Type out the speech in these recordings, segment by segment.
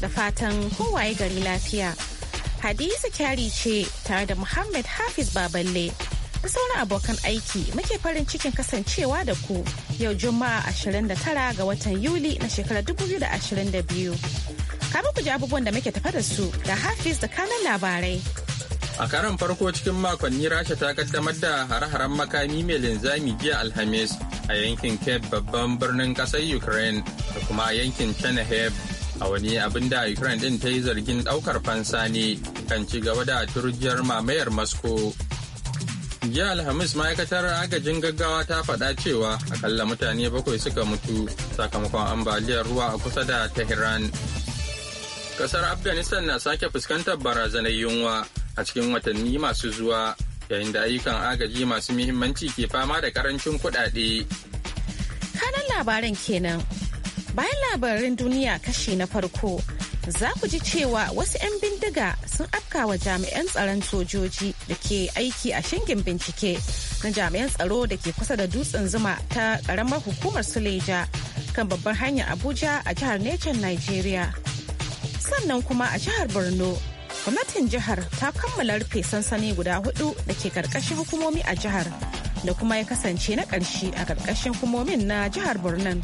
da fatan kowaye gari lafiya. Hadiza kyari ce tare da Muhammad Hafiz Baballe da sauran abokan aiki muke farin cikin kasancewa da ku yau Juma'a 29 ga watan Yuli na shekarar 2022. Kamar ku ji abubuwan da muke tafa da su da Hafiz da kanan labarai. A karon farko cikin makonni Rasha ta kaddamar da hare-haren makami mai linzami jiya Alhamis a yankin Cape babban birnin ƙasar Ukraine da kuma yankin Chernihiv a wani abin da ukraine din ta yi zargin daukar fansa ne kan ci gaba da turjiyar mamayar moscow jiya alhamis ma'aikatar agajin gaggawa ta faɗa cewa akalla mutane bakwai suka mutu sakamakon ambaliyar ruwa a kusa da tehran kasar afghanistan na sake fuskantar barazanar yunwa a cikin watanni masu zuwa yayin da ayyukan agaji masu muhimmanci ke fama da karancin kuɗaɗe kanan labaran kenan Bayan labarin duniya kashi na farko, za ku ji cewa wasu 'yan bindiga sun afka wa jami'an tsaron sojoji da ke aiki a shingin bincike na jami'an tsaro da ke kusa da dutsen zuma ta ƙaramar hukumar Suleja kan babbar hanyar Abuja a jihar Nechan Nigeria. Sannan kuma a jihar Borno, gwamnatin jihar ta kammala rufe sansani guda hudu da ke karkashin hukumomi a jihar da kuma ya kasance na ƙarshe a karkashin hukumomin na jihar Borno.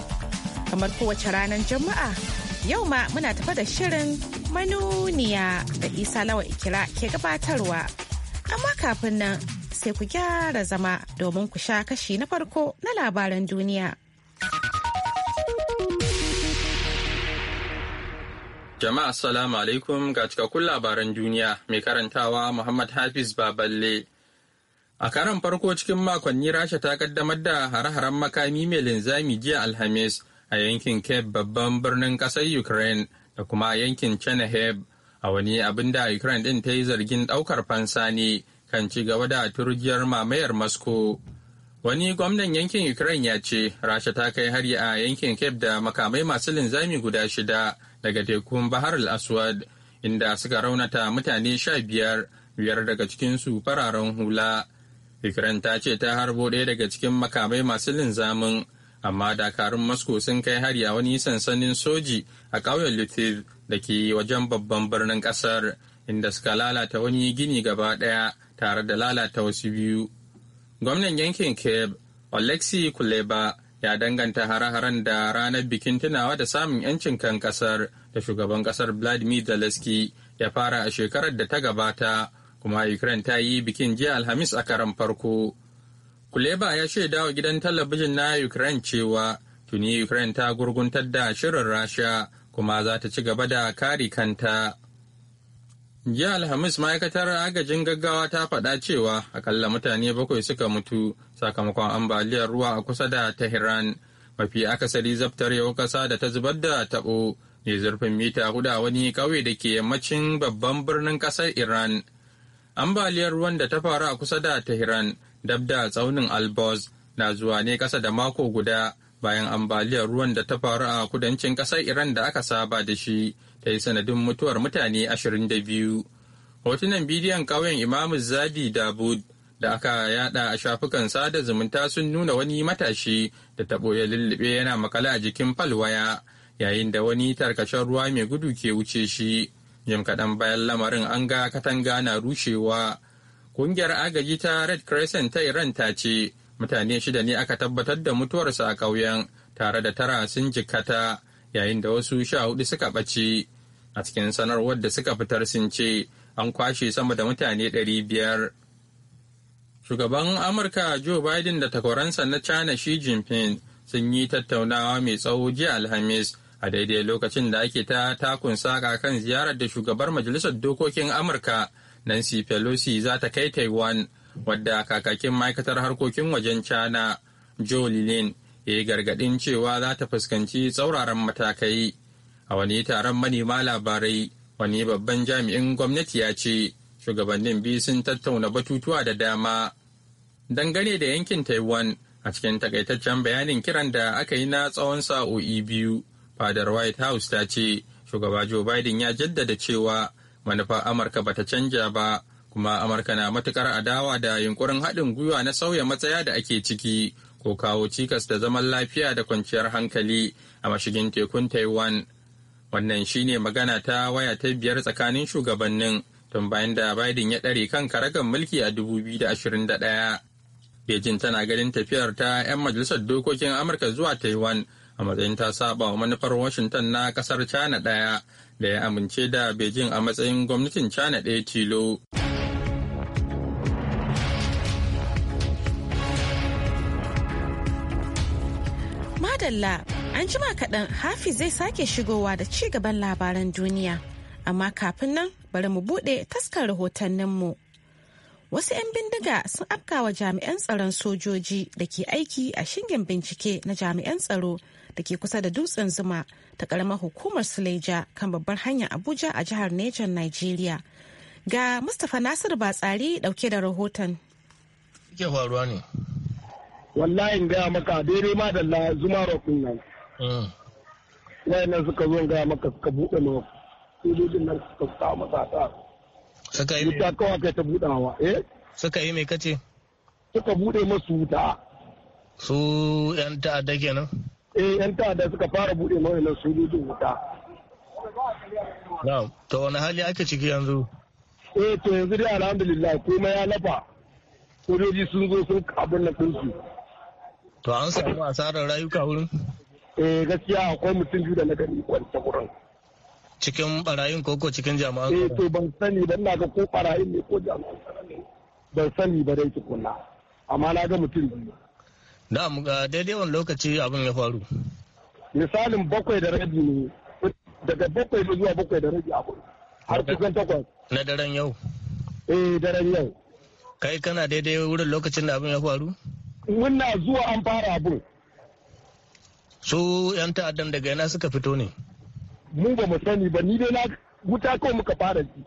kamar kowace ranar Juma'a yau ma muna tafa da shirin manuniya da isa lawa ikira ke gabatarwa. Amma kafin nan sai ku gyara zama domin ku sha kashi na farko na labaran duniya. Jama'a salamu alaikum ga cikakkun labaran duniya mai karantawa Muhammad Hafiz Baballe. A karan farko cikin makonni Rasha ta kaddamar da hare-haren makami mai linzami jiya Alhamis a yankin Kiev babban birnin ƙasar Ukraine da kuma yankin Chernihiv a wani abin da Ukraine ɗin ta yi zargin ɗaukar fansa ne kan ci gaba da turjiyar mamayar Moscow. Wani gwamnan yankin Ukraine ya ce Rasha ta kai hari a yankin Kiev da makamai masu linzami guda shida daga tekun Bahar al-Aswad inda suka raunata mutane sha biyar biyar daga cikinsu fararen hula. Ukraine ta ce ta harbo ɗaya daga cikin makamai masu linzamin amma dakarun moscow sun kai hari a wani sansanin soji a ƙauyen Lutiv da ke wajen babban birnin ƙasar inda suka lalata wani gini gaba ɗaya tare da lalata wasu biyu gwamnan yankin kiev alexi kuleba ya danganta hare-haren da ranar bikin tunawa da samun 'yancin kan kasar da shugaban kasar vladimir zelensky ya fara a shekarar da ta gabata kuma ukraine ta yi bikin jiya alhamis a karan farko Kuleba ya shaida wa gidan talabijin na Ukraine cewa tuni Ukraine ta gurguntar da shirin Rasha kuma za ta ci gaba da kare kanta. Jiya Alhamis ma'aikatar agajin gaggawa ta faɗa cewa akalla mutane bakwai suka mutu sakamakon ambaliyar ruwa a kusa da Tehran. Mafi akasari yau ƙasa da ta zubar da taɓo ne zurfin mita hudu a wani ƙauye da ke yammacin babban birnin ƙasar Iran. Ambaliyar ruwan da ta faru a kusa da Tehran dab da tsaunin albos na zuwa ne kasa da mako guda bayan ambaliyar ruwan da ta faru a kudancin kasar iran da aka saba da shi ta yi sanadin mutuwar mutane ashirin da biyu hotunan bidiyon ƙauyen imamu zabi dabud da aka yada a shafukan sada zumunta sun nuna wani matashi da tabo ya lullube yana makale a jikin falwaya yayin da wani tarkacen ruwa mai gudu ke wuce shi jim kaɗan bayan lamarin an ga katanga na rushewa Kungiyar agaji ta Red Crescent ta Iran ta ce mutane shida ne aka tabbatar da mutuwarsa a ƙauyen tare da tara sun jikata yayin da wasu sha hudu suka ɓace. A cikin sanarwar da suka fitar sun ce an kwashe sama da mutane ɗari biyar. Shugaban Amurka Joe Biden da takwaransa na China Xi Jinping sun yi tattaunawa mai tsawo jiya Alhamis a daidai lokacin da ake ta takun saka kan ziyarar da shugabar Majalisar Dokokin Amurka Nancy Pelosi za ta kai Taiwan wadda kakakin ma'aikatar harkokin wajen China Joe Lilin ya yi gargaɗin cewa za ta fuskanci tsauraran matakai. A wani taron manema labarai wani babban jami'in gwamnati ya ce shugabannin biyu sun tattauna batutuwa da dama. Dangane da yankin Taiwan a cikin takaitaccen bayanin kiran da aka yi na tsawon sa'o'i biyu, fadar White House ta ce shugaba Joe Biden ya jaddada cewa manufar amurka bata canja ba kuma amurka na matukar adawa da yunkurin haɗin gwiwa na sauya matsaya da ake ciki ko kawo cikas da zaman lafiya da kwanciyar hankali a mashigin tekun taiwan wannan shine magana ta waya ta biyar tsakanin shugabannin tun bayan da biden ya ɗare kan karagar mulki a da da 2021 beijing tana ganin tafiyar ta 'yan majalisar dokokin amurka zuwa taiwan a matsayin ta saba wa manufar washington na kasar china ɗaya da ya amince da beijing a matsayin gwamnatin china ɗaya tilo madalla an jima kaɗan hafi zai sake shigowa da ci gaban labaran duniya amma kafin nan bari mu buɗe taskar rahotanninmu wasu 'yan bindiga sun afkawa jami'an tsaron sojoji da ke aiki a shingen bincike na jami'an tsaro da ke kusa da dutsen zuma ta karamar hukumar suleja kan babbar hanyar abuja a jihar Niger nigeria ga mustapha nasir batsari dauke da rahoton ke faruwa ne wallahi in gaya maka daidai ma da la zuma rokun nan hmm. nan suka zo gaya maka suka buɗe ma sojojin nan suka sa masa ta suka yi ta kawai kai ta buɗawa eh suka yi mai kace suka buɗe masu wuta su yan ta'adda kenan eh yan ta'adda suka fara bude mawayan sojojin wuta Na, to wani hali ake ciki yanzu eh to yanzu dai alhamdulillah kuma ya lafa sojoji sun zo sun abin na su to an samu asarar rayuka wurin eh gaskiya akwai mutum biyu da na gani kwanta wurin cikin barayin koko cikin jama'an eh to ban sani ba na ga ko barayin ne ko jama'an ban sani ba dai tukuna amma na ga mutum biyu Na'am ga daidai wani lokaci abin ya faru. Misalin bakwai da rabi ne daga bakwai da zuwa bakwai da rabi abu har kusan takwas. Na daren yau. Eh daren yau. Kai kana daidai wurin lokacin da abin ya faru? Muna zuwa an fara abu. Su 'yan ta'addan daga yana suka fito ne? Mu ba mu sani ba ni dai na wuta kawai muka fara ji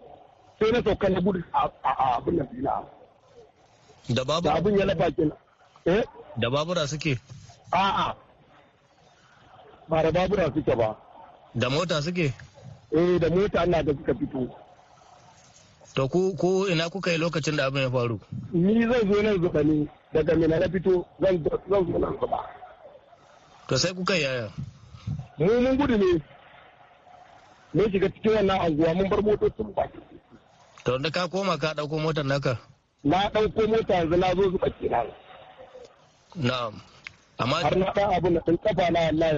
sai na sauka na gudu a abin nan dina. Da babu? Da abin ya lafa kenan. Eh? da babura suke a'a ba da babura suke ba da mota suke eh da mota Allah da suka fito to ku ku ina kuka yi lokacin da abin ya faru ni zan zo nan zuba ne daga mina na fito zan zo nan zuba to sai kuka yaya mu mun gudu ne mun shiga cikin wannan anguwa mun bar motocin ba to da ka koma ka dauko motar naka na dauko mota yanzu na zo zuba kenan na'am amma har na ɗan abin na Allah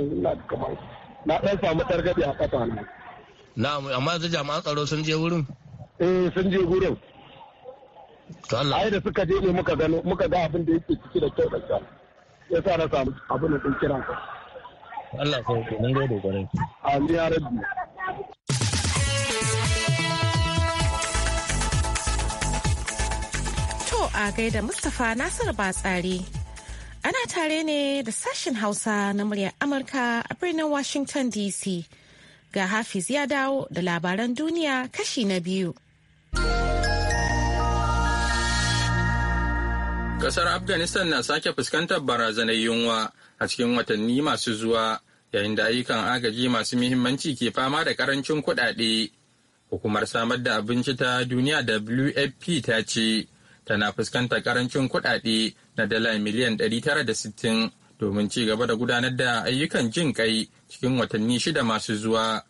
na ɗan samu a kafa na amma jami'an tsaro sun eh, sun je wurin to Allah da suka je ne muka gano muka ga abin da yake ciki da kyau da kyau ya sa na samu abin da sun kira ka Allah sai ku mun gode gare ya rabbi To a gaida Mustapha Nasiru Batsari Ana tare ne da sashen Hausa na muryar Amurka a birnin Washington DC. Ga Hafiz ya dawo da labaran duniya kashi na biyu. Kasar Afghanistan na sake fuskantar barazanar yunwa a cikin watanni masu zuwa yayin da ayyukan agaji masu muhimmanci ke fama da karancin kudade Hukumar samar da abinci ta duniya WFP ta ce tana fuskantar karancin kuɗaɗe na dala miliyan 960 domin ci gaba da gudanar da ayyukan jin kai cikin watanni shida masu zuwa.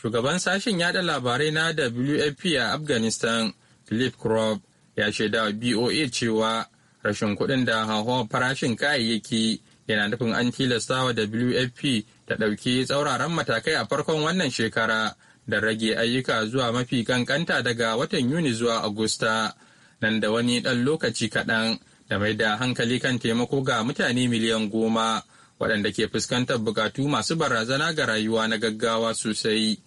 Shugaban sashen yada labarai na WFP a Afghanistan, Philip Crop, ya shaida BOA cewa rashin kuɗin da hauhawar farashin kayayyaki yana nufin an tilastawa WFP ta ɗauki tsauraran matakai a farkon wannan shekara da rage ayyuka zuwa mafi kankanta daga watan Yuni zuwa Agusta nan da wani ɗan lokaci kaɗan da mai da hankali kan taimako ga mutane miliyan goma waɗanda ke fuskantar bukatu masu barazana ga rayuwa na gaggawa sosai.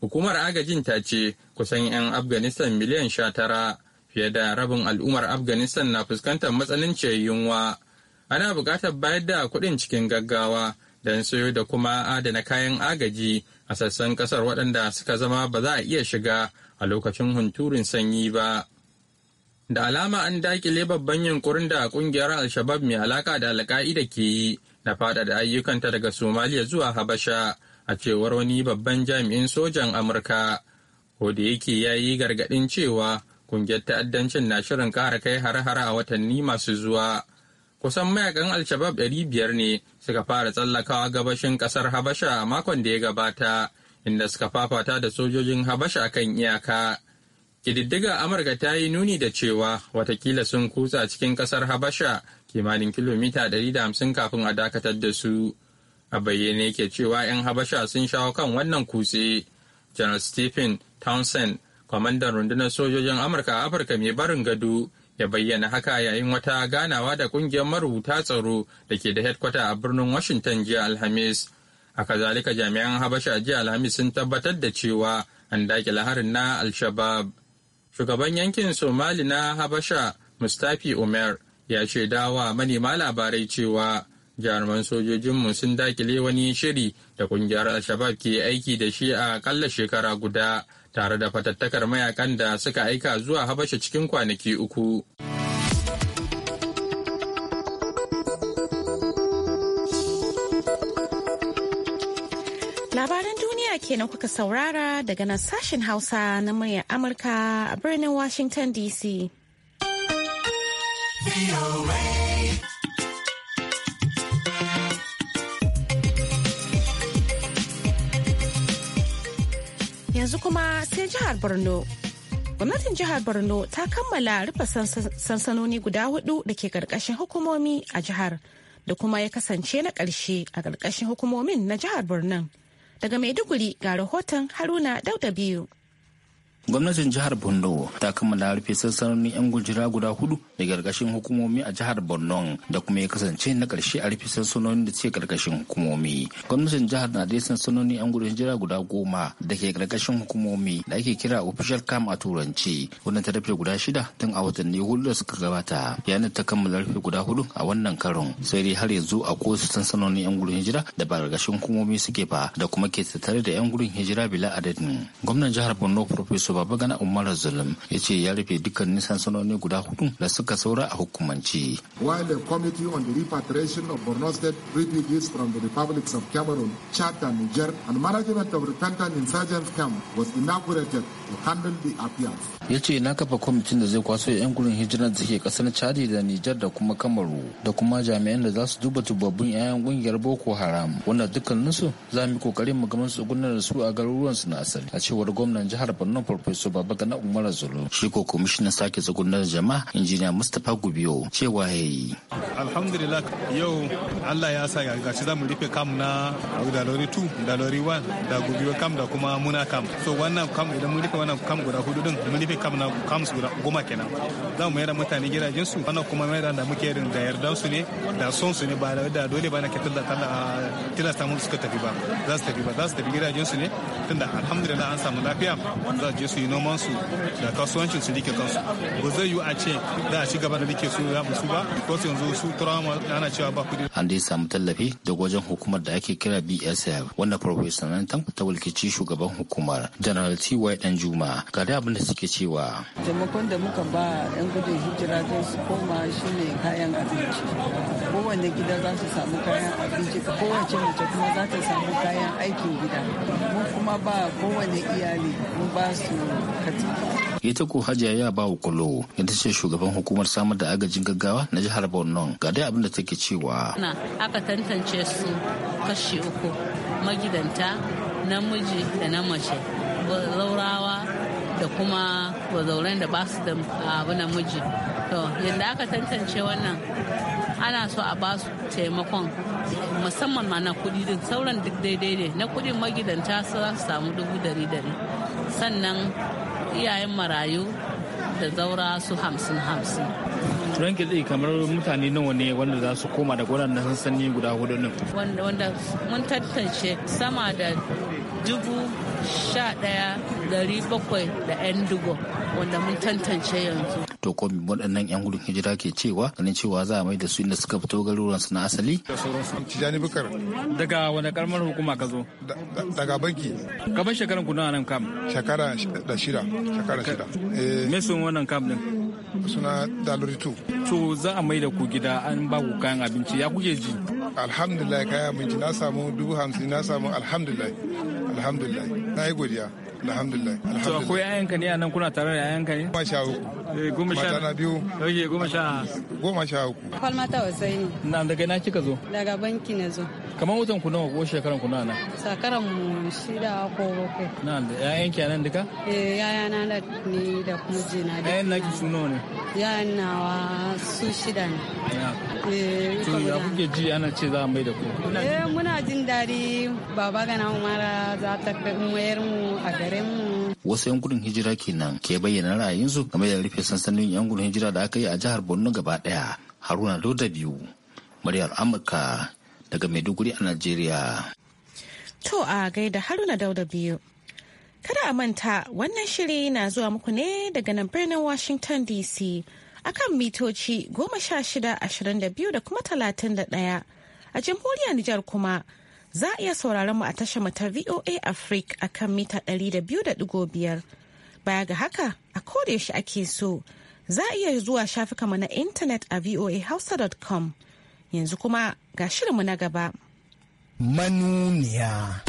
Hukumar agajin ta ce kusan 'yan Afghanistan miliyan sha tara fiye da rabin al'ummar Afghanistan na fuskantar matsananciyar yunwa. Ana buƙatar bayar da kuɗin cikin gaggawa don sayo da kuma adana kayan agaji a sassan ƙasar waɗanda suka zama ba za a iya shiga a lokacin hunturin sanyi ba. Da alama an dakile babban yankurin da kungiyar Al-Shabab mai alaka da Alka'ida ke yi na faɗaɗa ayyukanta daga Somaliya zuwa Habasha a cewar wani babban jami'in sojan Amurka. da yake ya yi gargaɗin cewa kungiyar ta'addancin na shirin ƙara kai har har a watanni masu zuwa. Kusan mayakan Al-Shabab 500 ne suka fara tsallakawa gabashin ƙasar Habasha a makon da ya gabata, inda suka fafata da sojojin Habasha kan iyaka. kididdiga Amurka ta yi nuni da cewa watakila sun kutsa cikin ƙasar Habasha kimanin kilomita 150 kafin a dakatar da su. A bayyane yake cewa 'yan Habasha sun shawo kan wannan kutse. General Stephen Townsend, kwamandan rundunar sojojin Amurka a Afirka mai barin gado, ya bayyana haka yayin wata ganawa da ƙungiyar marubuta tsaro da ke da hedkwata a birnin Washington jiya Alhamis. A kazalika jami'an Habasha jiya Alhamis sun tabbatar da cewa an daƙi laharin na Al-Shabaab. shugaban yankin somali na habasha mustafi umar ya ce dawa manema labarai cewa jaruman sojojinmu sun dakile wani shiri da kungiyar al-shabab ke aiki da shi a kalla shekara guda tare da fatattakar mayakan da suka aika zuwa habasha cikin kwanaki uku. kenan kuka saurara daga nan sashen Hausa na murya Amurka a birnin Washington DC. Yanzu kuma sai jihar Borno. gwamnatin jihar borno ta kammala rufe sansanoni guda hudu da ke karkashin hukumomi a jihar da kuma ya kasance na ƙarshe a karkashin hukumomin na jihar borno Daga Maiduguri ga rahoton Haruna Dauda biyu. Gwamnatin jihar Borno ta kammala rufe sansanonin 'yan gujira guda hudu da gargashin hukumomi a jihar Borno da kuma ya kasance na karshe a rufe sansanonin da ke gargashin hukumomi. Gwamnatin jihar na dai sansanonin 'yan gujira guda goma da ke gargashin hukumomi da ake kira official camp a turanci wannan ta rufe guda shida tun a watanni hudu da suka gabata yanar ta kammala rufe guda hudu a wannan karon sai dai har yanzu a su sansanonin 'yan gudun hijira da ba gargashin hukumomi suke ba da kuma ke tattare da 'yan gudun hijira bila adadin. Gwamnan jihar Borno Professor baba gana umar zulum ya ce ya rufe dukkanin sansanoni guda hudu da suka saura a hukumance. while the committee on the repatriation of borno state refugees from the republics of cameroon chad and niger and management of repentant Insurgent camp was inaugurated to handle the appeals. ya ce na kafa kwamitin da zai kwaso 'yan gurin hijirar da ke kasar chadi da nijar da kuma kamaru da kuma jami'an da za su duba tubabbin 'ya'yan kungiyar boko haram wanda dukkaninsu za mu yi kokari mu gama tsugunar da su a garuruwan su na asali a cewar gwamnan jihar borno farfesa babagana umar zulu shi ko kwamishinan sake tsugunar jama'a injiniya mustapha gubiyo cewa ya yi alhamdulillah yau allah ya sa gashi za mu rufe kam na dalori 2 dalori 1 da gubiyo kam da kuma muna kam so wannan kam idan mun rufe wannan kam guda hudu din mun rufe zai na kamus guda goma kenan za mu mayar da mutane gidajensu wannan kuma mayar da muke irin da yarda su ne da son su ne ba da dole ba na ke tilasta mun suka tafi ba za su tafi ba za su tafi gidajensu ne tunda alhamdulillah an samu lafiya za je su yi noman su da kasuwancin su rike kansu ba zai yiwu a ce za a ci gaba da rike su ya musu ba ko su yanzu su turawa ana cewa ba kudi an dai samu tallafi da wajen hukumar da ake kira BSF wanda professor tan ta walkici shugaban hukumar General TY Juma ga da abin da suke cewa taimakon da muka ba yan gudun hijira zai su koma shine kayan abinci kowanne gida za su samu kayan abinci kowace mace kuma za ta samu kayan aikin gida mu kuma ba kowane iyali mun ba su katifa. Ita ko Hajiya ya ba wa kulo yadda ce shugaban hukumar samar da agajin gaggawa na jihar Borno ga dai abin da take cewa. Na aka tantance su kashi uku magidanta namiji da na mace zaurawa da kuma wazauren da ba su da abu namiji. yadda aka tantance wannan ana so a ba su taimakon musamman ma na kudi din sauran duk daidai ne na kuɗin magidanta su samu dubu dari dari sannan iyayen marayu da zaura su hamsin hamsin ranke zai kamar mutane nawa ne wanda za su koma daga waɗannan sansani guda hudu nan wanda mun tantance sama da dubu sha daya dari bakwai da yan dugo wanda mun tantance yanzu to ko waɗannan 'yan gudun hijira ke cewa ganin cewa za a mai da su inda suka fito garuruwan su na asali tijani bukar daga wani karamar hukuma ka zo daga banki kamar shekaran kuna nan kam shekara da shida shekara shida eh. me sun wannan kam din suna dalori tu. to za a mai da ku gida an ba ku kayan abinci ya kuke ji alhamdulillah kayan abinci na samu dubu hamsin na samu alhamdulillah alhamdulillah na yi godiya alhamdulillah to akwai ayyanka ne a nan kuna tare da ayyanka ne ma sha Eh, goma sha na biyu oke goma sha goma sha uku kwalma ta wasai ne na daga na kika zo daga banki ne zo kamar wutan ku nawa ko shekaran ku nana na shekaran mu shida ko bakwai na da yayan ki anan duka eh yaya na da ni da kuma na da yayan naki su nawa ne yayan nawa su shida ne eh to ya kuke ji ana ce za a mai da ku eh muna jin daɗi baba na umara za ta mayar mu a garin mu wasu yankunan hijira kenan ke bayyana ra'ayinsu game da rufe sansanin 'yan gudun hijira da aka yi a jihar borno gaba daya haruna loda biyu muryar amurka daga maiduguri a najeriya to a gaida haruna dauda biyu kada a manta wannan shiri na zuwa muku ne daga nan birnin washington dc akan mitoci goma sha shida ashirin da biyu da kuma talatin da ɗaya a jamhuriyar nijar kuma za a iya sauraron mu a tashar mu ta voa africa akan mita ɗari da biyu biyar Baya ga haka a yaushe ake so za a iya zuwa shafukanmu na intanet a voahausa.com yanzu kuma ga shirinmu na gaba. Manuniya.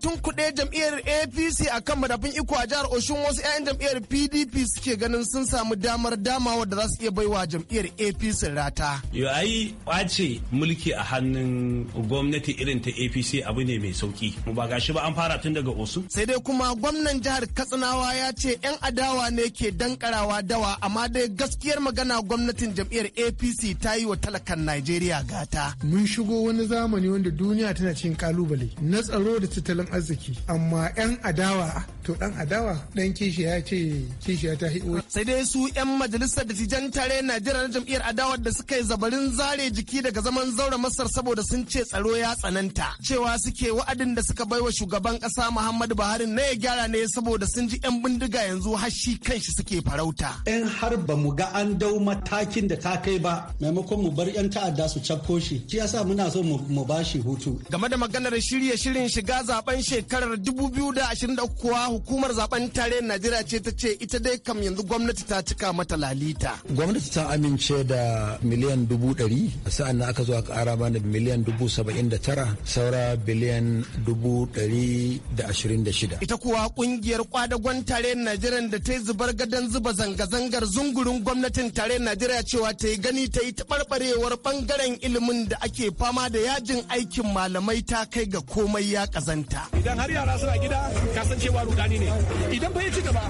tunkuɗe jam'iyyar apc a kan madafin iko a jihar oshun wasu 'ya'yan jam'iyyar pdp suke ganin sun samu damar damawa da za su iya baiwa jam'iyyar apc rata yo ai kwace mulki a hannun gwamnati irin ta apc abu ne mai sauki mu ba gashi ba an fara tun daga osun sai dai kuma gwamnan jihar katsinawa ya ce 'yan adawa ne ke dankarawa dawa amma dai gaskiyar magana gwamnatin jam'iyyar apc ta yi wa talakan najeriya gata mun shigo wani zamani wanda duniya tana cin kalubale na tsaro da tattalin arziki amma yan adawa to dan adawa dan kishiya ce kishiya ta hiwo sai dai su yan majalisar da dattijan tare Najeriya na jam'iyyar adawa da suka yi zabarin zare jiki daga zaman zaure Masar saboda sun ce tsaro ya tsananta cewa suke wa'adin da suka baiwa shugaban kasa Muhammadu Buhari na ya gyara ne saboda sun ji yan bindiga yanzu har shi kanshi suke farauta yan har ba mu ga an dau matakin da ta kai ba maimakon mu bar yan ta'adda su cakoshi shi shi yasa muna so mu bashi hutu game da maganar shirye shirin shiga zaben zaben shekarar 2023 kuwa hukumar zaben tarayyar Najeriya ce ta ce ita dai kam yanzu gwamnati ta cika mata lalita. Gwamnati ta amince da miliyan dubu ɗari sa'an nan aka zo aka ƙara da miliyan dubu saba'in da tara saura biliyan dubu ɗari da ashirin da shida. Ita kuwa ƙungiyar kwadagon tarayyar Najeriya da ta yi zubar gadon zuba zanga-zangar zungurin gwamnatin tarayyar Najeriya cewa ta yi gani ta yi taɓarɓarewar ɓangaren ilimin da ake fama da yajin aikin malamai ta kai ga komai ya ƙazanta. gida idan har yara suna gida kasancewa rudani ne idan bai ci gaba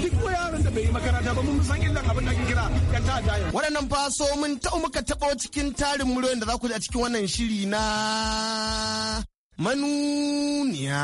duk ko yaron da bai yi makaranta ba mun san illan abin da kira yan ta yau waɗannan fa so mun ta muka taɓo cikin tarin muryoyin da za ku ji a cikin wannan shiri na manuniya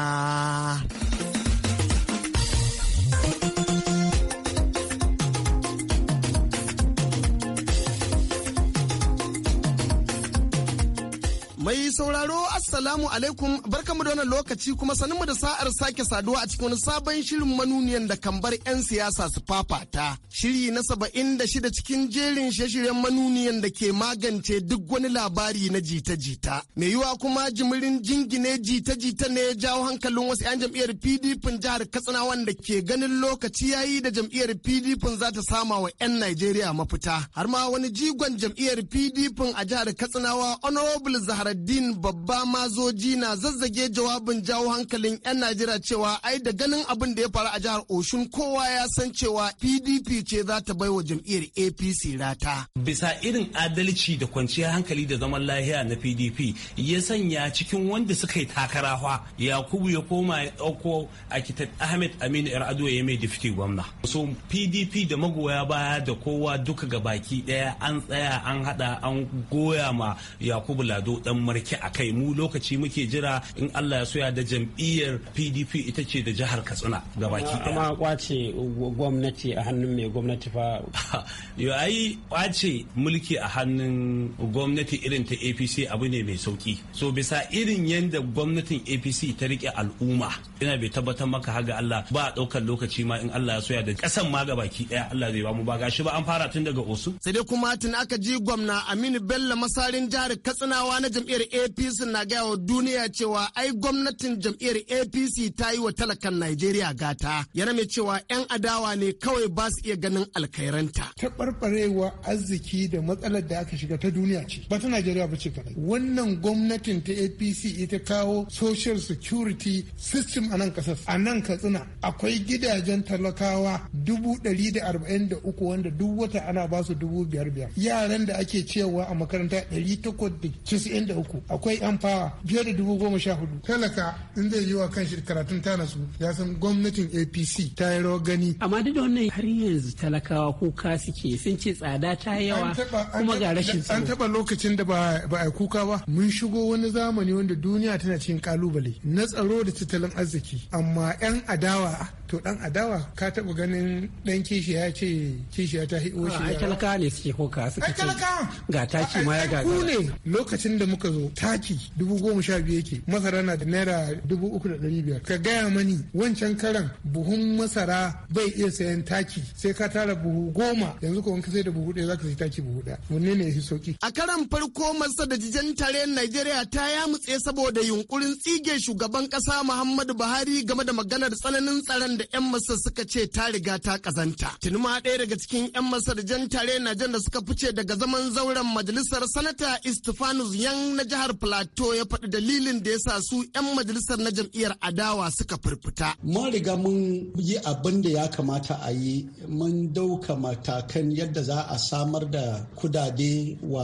Mai sauraro Assalamu alaikum barkamu da wannan lokaci kuma sanin mu da sa'ar sake saduwa a cikin wani sabon shirin manuniyan da kan bar 'yan siyasa su fafata. Shiri na saba'in da shida cikin jerin shirye manuniyan da ke magance duk wani labari na jita-jita. Mai yiwa kuma jimirin jingine jita-jita ne ya jawo hankalin wasu 'yan jam'iyyar PDP jihar Katsina wanda ke ganin lokaci yayi da jam'iyyar PDP za ta sama wa 'yan Najeriya mafita. Har ma wani jigon jam'iyyar PDP a jihar Katsinawa Honorable Zahra addini babba mazoji na zazzage jawabin jawo hankalin 'yan Najeriya cewa ai da ganin abin da ya faru a jihar Oshun kowa ya san cewa PDP ce za ta baiwa jam'iyyar APC rata. Bisa irin adalci da kwanciyar hankali da zaman lahiya na PDP ya sanya cikin wanda suka yi takara Yakubu ya koma ya ɗauko Akitat Ahmed Aminu ado ya mai difti gwamna. So PDP da magoya baya da kowa duka ga baki ɗaya an tsaya an haɗa an goya ma Yakubu Lado ɗan marke a kai mu lokaci muke jira in Allah ya soya da jam'iyyar PDP ita ce da jihar Katsina gabaki ɗaya. Amma kwace gwamnati a hannun mai gwamnati fa. Yo ai kwace mulki a hannun gwamnati irin ta APC abu ne mai sauki. So bisa irin yadda gwamnatin APC ta rike al'umma ina bai tabbatar maka haga Allah ba a ɗaukar lokaci ma in Allah ya soya da ƙasan ma gabaki ɗaya Allah zai ba mu ba gashi ba an fara tun daga Osu. Sai dai kuma tun aka ji gwamna Aminu Bello masarin jihar Katsinawa na jam'iyyar jam'iyyar apc na gaya wa duniya cewa ai gwamnatin jam'iyyar apc ta yi wa talakan najeriya gata yana mai cewa 'yan adawa ne kawai ba su iya ganin alkairanta taɓarɓarewa arziki da matsalar da aka shiga ta duniya ce ba ta najeriya ba ce kadai wannan gwamnatin ta apc ita kawo social security system a nan kasar a nan katsina akwai gidajen talakawa dubu ɗari da arba'in da uku wanda duk wata ana ba su dubu biyar biyar yaran da ake cewa a makaranta ɗari takwas da uku akwai yan fawa biyar da dubu goma sha hudu talaka in zai yi wa kan shi karatun tana su ya san gwamnatin apc ta yi rawar gani amma duk da wannan har yanzu talakawa kuka suke sun ce tsada ta yawa kuma ga rashin tsaro an taba lokacin da ba a yi kuka ba mun shigo wani zamani wanda duniya tana cikin kalubale na tsaro da tattalin arziki amma yan adawa to dan adawa ka taba ganin dan kishiya ce kishiya ta hi oshi ai talaka ne suke hoka suka ce ga taki ma ya ga ku ne lokacin da muka zo taki dubu goma sha biyu yake masara na da naira dubu uku da dari biyar ka gaya mani wancan karan buhun masara bai iya sayan taki sai ka tara buhu goma yanzu ko ka sai da buhu ɗaya zaka sai taki buhu ɗaya wanne ne yafi sauki a karan farko masa da jijan tare Najeriya ta ya mutse saboda yunkurin tsige shugaban kasa Muhammadu Buhari game da maganar tsananin tsaron da 'yan Masar suka ce ta riga ta kazanta. Tuni ma ɗaya daga cikin 'yan Masar jan tare na jan da suka fice daga zaman zauren majalisar sanata Istifanus Yan na jihar Plateau ya faɗi dalilin da ya sa su 'yan majalisar na jam'iyyar adawa suka firfita. Mun riga mun yi abin da ya kamata a yi mun dauka matakan yadda za a samar da kudade wa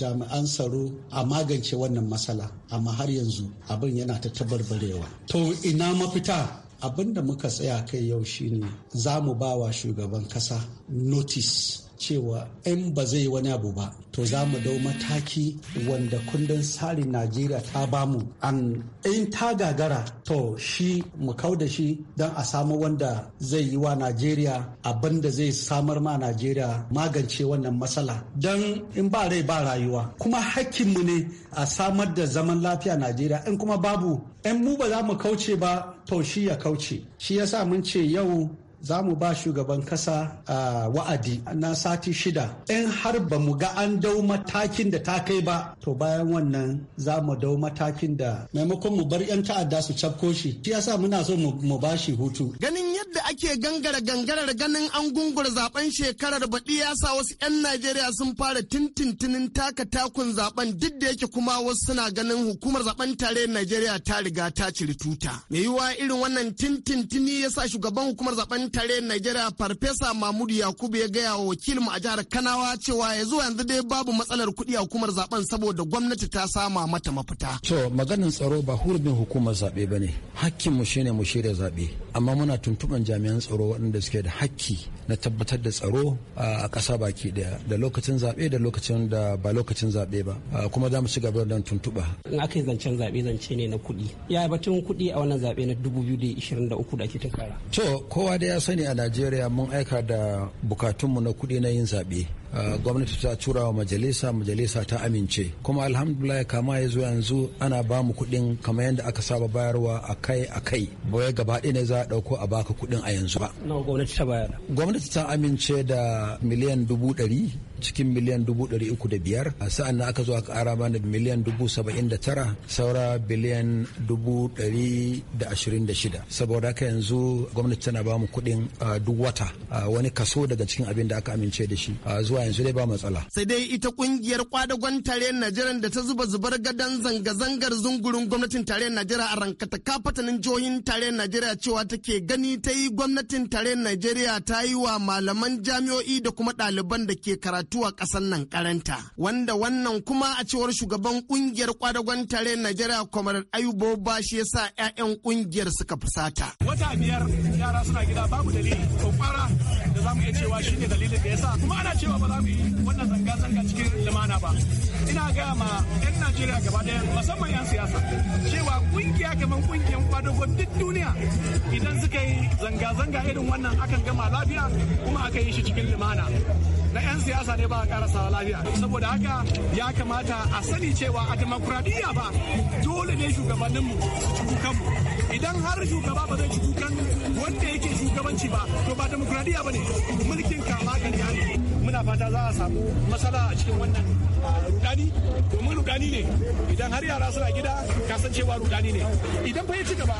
jami'an tsaro a magance wannan matsala amma har yanzu abin yana ta tabarbarewa. To ina mafita abinda muka tsaya kai yau shine za mu ba wa shugaban kasa notice cewa in ba zai wani abu ba to za mu dau mataki wanda kundin tsarin najeriya ta bamu an in ta gagara to shi mu kau da shi don a samu wanda zai yi wa najeriya abin da zai samar ma najeriya magance wannan matsala don in ba rai ba rayuwa kuma hakkinmu ne a samar da zaman lafiya najeriya in kuma babu in mu ba za mu kauce ba to shi ya kauce shi yasa mun ce yau za mu ba shugaban kasa a wa'adi na sati shida in har ba mu ga an dau matakin da ta kai ba to bayan wannan za mu dau matakin da maimakon mu bar 'yan ta'adda su cafko shi shi yasa muna so mu ba shi hutu ganin yadda ake gangara gangarar ganin an gungura zaben shekarar baɗi ya sa wasu 'yan najeriya sun fara tintintinin taka takun zaben duk da yake kuma wasu suna ganin hukumar zaben tare najeriya ta riga ta ciri tuta mai yiwuwa irin wannan tintintini ya sa shugaban hukumar zaben birnin tare Najeriya Farfesa Mahmudu Yakubu ya gaya wa wakilin a jihar Kanawa cewa ya zuwa yanzu dai babu matsalar kuɗi a hukumar zaben saboda gwamnati ta sama mata mafita. To maganin tsaro ba hurumin hukumar zaɓe ba ne. mu shine mu shirya zaɓe. Amma muna tuntuɓan jami'an tsaro waɗanda suke da hakki na tabbatar da tsaro a ƙasa baki ɗaya da lokacin zaɓe da lokacin da ba lokacin zaɓe ba. Kuma za mu ci gaba da tuntuɓa. In aka yi zancen zaɓe zance ne na kuɗi. Ya batun kuɗi a wannan zaɓe na 2023 da ake tunkara. To kowa da ya sani a najeriya mun aika da bukatunmu na kuɗi na yin zaɓe gwamnati ta tura wa majalisa majalisa ta amince kuma alhamdulillah kama ya zo yanzu ana ba mu kuɗin kamar yadda aka saba bayarwa a kai a kai bai gaba ɗaya ne za a ɗauko a baka kuɗin a yanzu ba gwamnati ta amince da miliyan dubu ɗari cikin miliyan dubu ɗari uku da biyar sa'an nan aka zo aka ƙara mana miliyan dubu saba'in da tara saura biliyan dubu ɗari da ashirin da shida saboda haka yanzu gwamnati tana bamu mu kuɗin duk wata wani kaso daga cikin abin da aka amince da shi zuwa yanzu dai ba matsala. sai dai ita kungiyar kwadagon tarayyar najeriya da ta zuba zubar gadon zanga-zangar zungurin gwamnatin tarayyar najeriya a rankata kafatanin jihohin tarayyar najeriya cewa take gani ta yi gwamnatin tarayyar najeriya ta yi wa malaman jami'o'i da kuma ɗaliban da ke karatu mutuwa kasan ƙasar nan karanta wanda wannan kuma a cewar shugaban kungiyar kwadagon tare Najeriya Kwamar Ayubo ba shi ya sa 'ya'yan kungiyar suka fusata. Wata biyar yara suna gida babu dalili ko fara da za mu iya cewa shi ne dalilin da ya sa kuma ana cewa ba za mu yi wannan zanga-zanga cikin lumana ba. Ina gaya ma 'yan Najeriya gaba daya musamman 'yan siyasa cewa kungiya kamar kungiyar kwadago duk duniya idan suka yi zanga-zanga irin wannan akan gama lafiya kuma aka yi shi cikin lumana. na 'yan siyasa ne ba a karasawa lafiya saboda haka ya kamata a sani cewa a demokuraɗiyya ba dole ne shugabanninmu su kukanmu idan har shugaba ba zai ci kukan wanda yake shugabanci ba to ba demokuraɗiyya ba ne mulkin kama kan ne muna fata za a samu matsala a cikin wannan ah, rudani domin rudani ne idan har yara suna gida kasancewa rudani ne idan fa ya ci gaba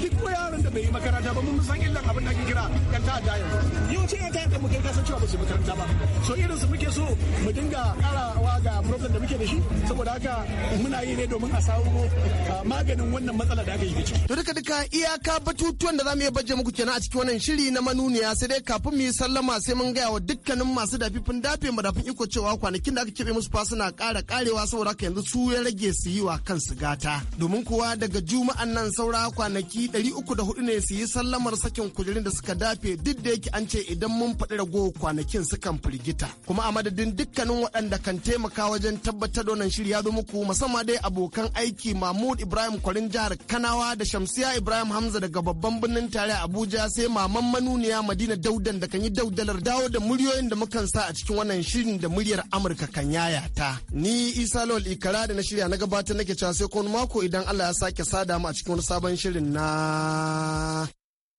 duk yaran da bai yi makaranta ba mun san illan abin da ake kira yan ta'adda yau yawanci yan ta mu kai kasancewa ba su makaranta ba so irin su muke so mu dinga karawa ga problem da muke da shi saboda haka muna yi ne domin a samu ah, maganin wannan matsala da aka yi ciki to duka duka iyaka batutuwan da zamu iya baje muku kenan a cikin wannan shiri na manuniya sai dai kafin mu yi sallama sai mun gaya wa dukkanin masu dafi kafin dafe madafin iko cewa kwanakin da aka keɓe musu fa suna ƙara ƙarewa saboda haka yanzu su ya rage su yi wa kansu gata domin kuwa daga juma'an nan saura kwanaki hudu ne su yi sallamar sakin kujerun da suka dafe duk da yake an ce idan mun faɗi rago kwanakin sukan firgita kuma a madadin dukkanin waɗanda kan taimaka wajen tabbatar da wannan shirya don muku musamman dai abokan aiki mahmud ibrahim kwarin jihar kanawa da shamsiya ibrahim hamza daga babban birnin tare abuja sai maman manuniya madina daudan da kan yi daudalar dawo da muryoyin da mukan sa a cikin wannan shirin da muryar Amurka kan yaya ta. Ni Isa Lawal Ikara da na shirya na gabatar nake cewa sai kuma mako idan Allah ya sake sada mu a cikin wani sabon shirin na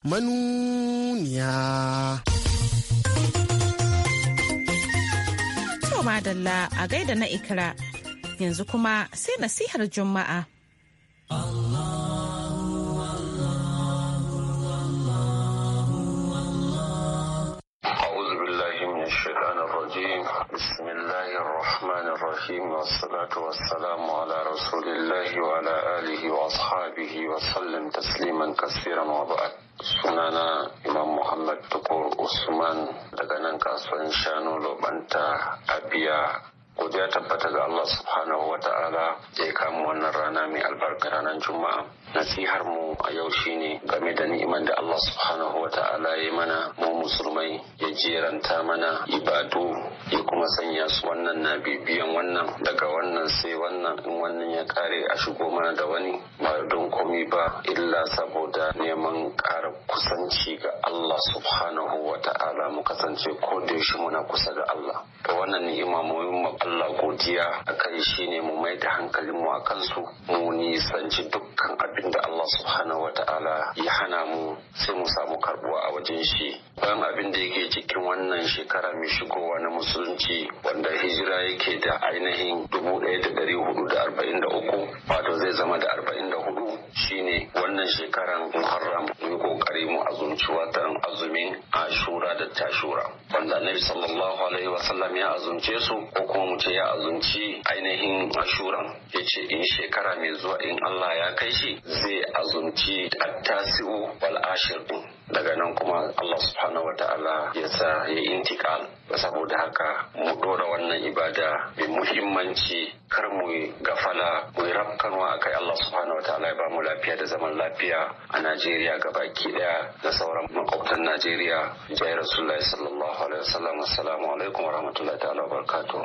manuniya. To madalla a gaida na ikira yanzu kuma sai nasihar Juma'a. Allah. الرحيم والصلاة والسلام على رسول الله وعلى آله وأصحابه وسلم تسليما كثيرا وبعد sunana imam muhammad tukur usman daga nan kasuwan shanu lobanta abiya godiya tabbata ga allah subhanahu wa ta'ala ya kama wannan rana mai albarka ranar juma'a nasihar mu a yau shine game da ni'imar da Allah subhanahu wa ta'ala ya mana mu musulmai ya jeranta mana ibadu ya kuma sanya su wannan na bibiyan wannan daga wannan sai wannan in wannan ya kare a shigo mana da wani ba don komi ba illa saboda neman ƙara kusanci ga Allah subhanahu wa ta'ala mu kasance ko da yaushe muna kusa da Allah to wannan ni'ima mu yi Allah godiya akan shine mu mai da hankalin mu a kansu. mu nisanci dukkan abin da Allah subhanahu wa ta'ala ya hana mu sai mu samu karbuwa a wajen shi bayan abin da yake cikin wannan shekara mai shigowa na musulunci wanda hijira yake da ainihin dubu ɗaya wato zai zama da arba'in hudu shine wannan shekaran muharram mu yi kokari mu azumci watan azumin ashura da tashura wanda annabi sallallahu alaihi wasallam ya azumce su ko kuma mu ce ya azumci ainihin ashuran yace in shekara mai zuwa in Allah ya kai shi zai azumci attasi'u wal ashir daga nan kuma Allah subhanahu wa ta'ala ya sa ya intikal saboda haka mu dora wannan ibada mai muhimmanci kar mu gafala mu yi akai Allah subhanahu wa ta'ala ya ba mu lafiya da zaman lafiya a Najeriya gabaki daya da sauran makwabtan Najeriya jai Rasulullahi sallallahu alaihi wasallam assalamu alaikum wa rahmatullahi ta'ala wa barakatuh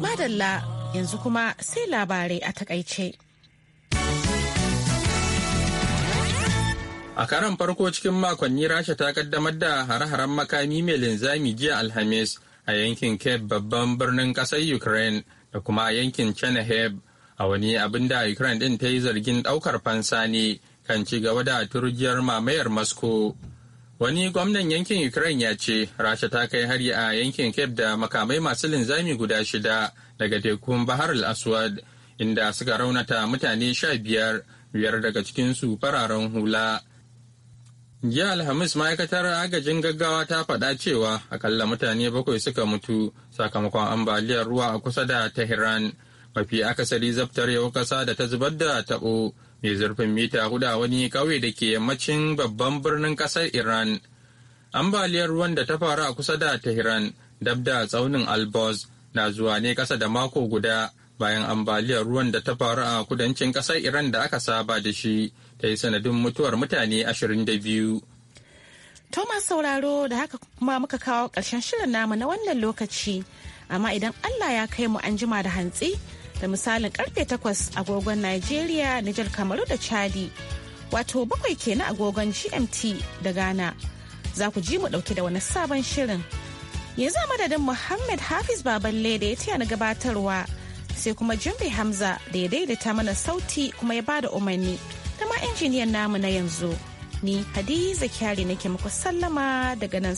Madalla yanzu kuma sai labarai a takaice. A karan farko cikin makonni Rasha ta kaddamar da hare-haren makami mai linzami jiya Alhamis a yankin Cape babban birnin ƙasar Ukraine da kuma a yankin Chernihiv a wani abin da Ukraine din ta yi zargin ɗaukar fansa ne kan ci gaba da turjiyar mamayar Moscow. Wani gwamnan yankin Ukraine ya ce Rasha ta kai hari a yankin Cape da makamai masu linzami guda shida daga tekun Bahar al-Aswad inda suka raunata mutane sha biyar biyar daga cikinsu fararen hula. Jiya Alhamis ma'aikatar agajin gaggawa ta faɗa cewa akalla mutane bakwai suka mutu sakamakon ambaliyar ruwa a kusa da Tehran mafi akasari yau ƙasa da ta zubar da taɓo mai zurfin mita hudu wani ƙauye da ke yammacin babban birnin ƙasar Iran. Ambaliyar ruwan da ta faru a kusa da Tehran dab da tsaunin Albos na zuwa ne ƙasa da mako guda bayan ambaliyar ruwan da ta faru a kudancin ƙasar Iran da aka saba da shi ta yi sanadin mutuwar mutane 22. Thomas sauraro da haka kuma muka kawo ƙarshen shirin namu na wannan lokaci, amma idan Allah ya kai mu an jima da hantsi da misalin karfe 8 agogon Najeriya, Nijar Kamaru da Chadi, wato bakwai kenan agogon GMT da Ghana. Za ku ji mu ɗauke da wani sabon shirin. Yanzu a madadin Muhammad Hafiz Baballe da ya taya na gabatarwa sai kuma Jumbe Hamza da ya daidaita mana sauti kuma ya bada umarni. da ma injiniyan namu na yanzu. Ni Hadiza Kyari nake muku sallama daga nan